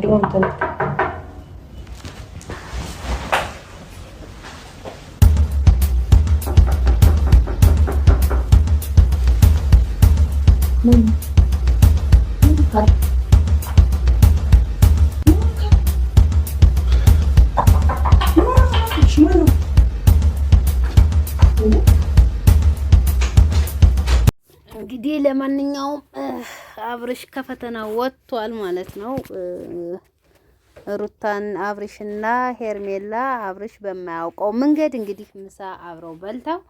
데려가면 되는데. 음. 음, እንግዲህ ለማንኛውም አብርሽ ከፈተና ወጥቷል ማለት ነው። ሩታን አብርሽና ሄርሜላ አብርሽ በማያውቀው መንገድ እንግዲህ ምሳ አብረው በልተው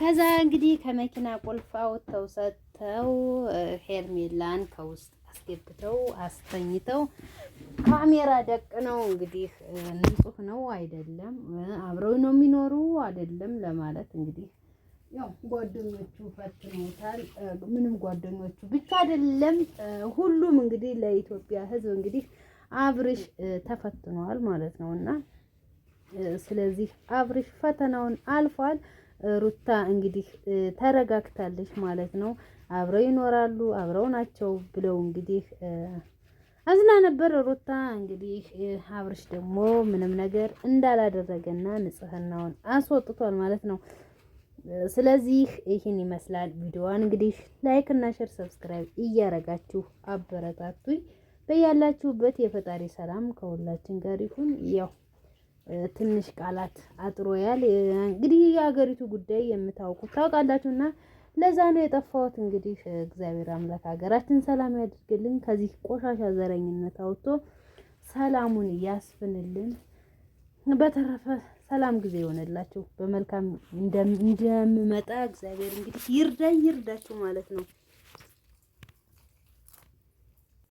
ከዛ እንግዲህ ከመኪና ቁልፍ አውጥተው ሰጥተው ሄርሜላን ከውስጥ አስገብተው አስተኝተው ካሜራ ደቅ ነው እንግዲህ ንጹህ ነው አይደለም አብረው ነው የሚኖሩ አይደለም ለማለት እንግዲህ ያው ጓደኞቹ ፈትነውታል ምንም ጓደኞቹ ብቻ አይደለም ሁሉም እንግዲህ ለኢትዮጵያ ሕዝብ እንግዲህ አብርሽ ተፈትኗል ማለት ነው እና ስለዚህ አብርሽ ፈተናውን አልፏል። ሩታ እንግዲህ ተረጋግታለች ማለት ነው። አብረው ይኖራሉ አብረው ናቸው ብለው እንግዲህ አዝና ነበር ሩታ እንግዲህ አብርሽ ደግሞ ምንም ነገር እንዳላደረገና ንጽህናውን አስወጥቷል ማለት ነው። ስለዚህ ይህን ይመስላል ቪዲዮዋን። እንግዲህ ላይክ እና ሼር ሰብስክራይብ እያረጋችሁ አበረታቱኝ። በያላችሁበት የፈጣሪ ሰላም ከሁላችን ጋር ይሁን። ያው ትንሽ ቃላት አጥሮያል። እንግዲህ የሀገሪቱ ጉዳይ የምታውቁት እና ለዛ ነው የጠፋሁት። እንግዲህ እግዚአብሔር አምላክ ሀገራችን ሰላም ያድርግልን፣ ከዚህ ቆሻሻ ዘረኝነት አውጥቶ ሰላሙን ያስፍንልን። በተረፈ ሰላም ጊዜ ይሆንላችሁ። በመልካም እንደምመጣ እግዚአብሔር እንግዲህ ይርዳ ይርዳችሁ ማለት ነው።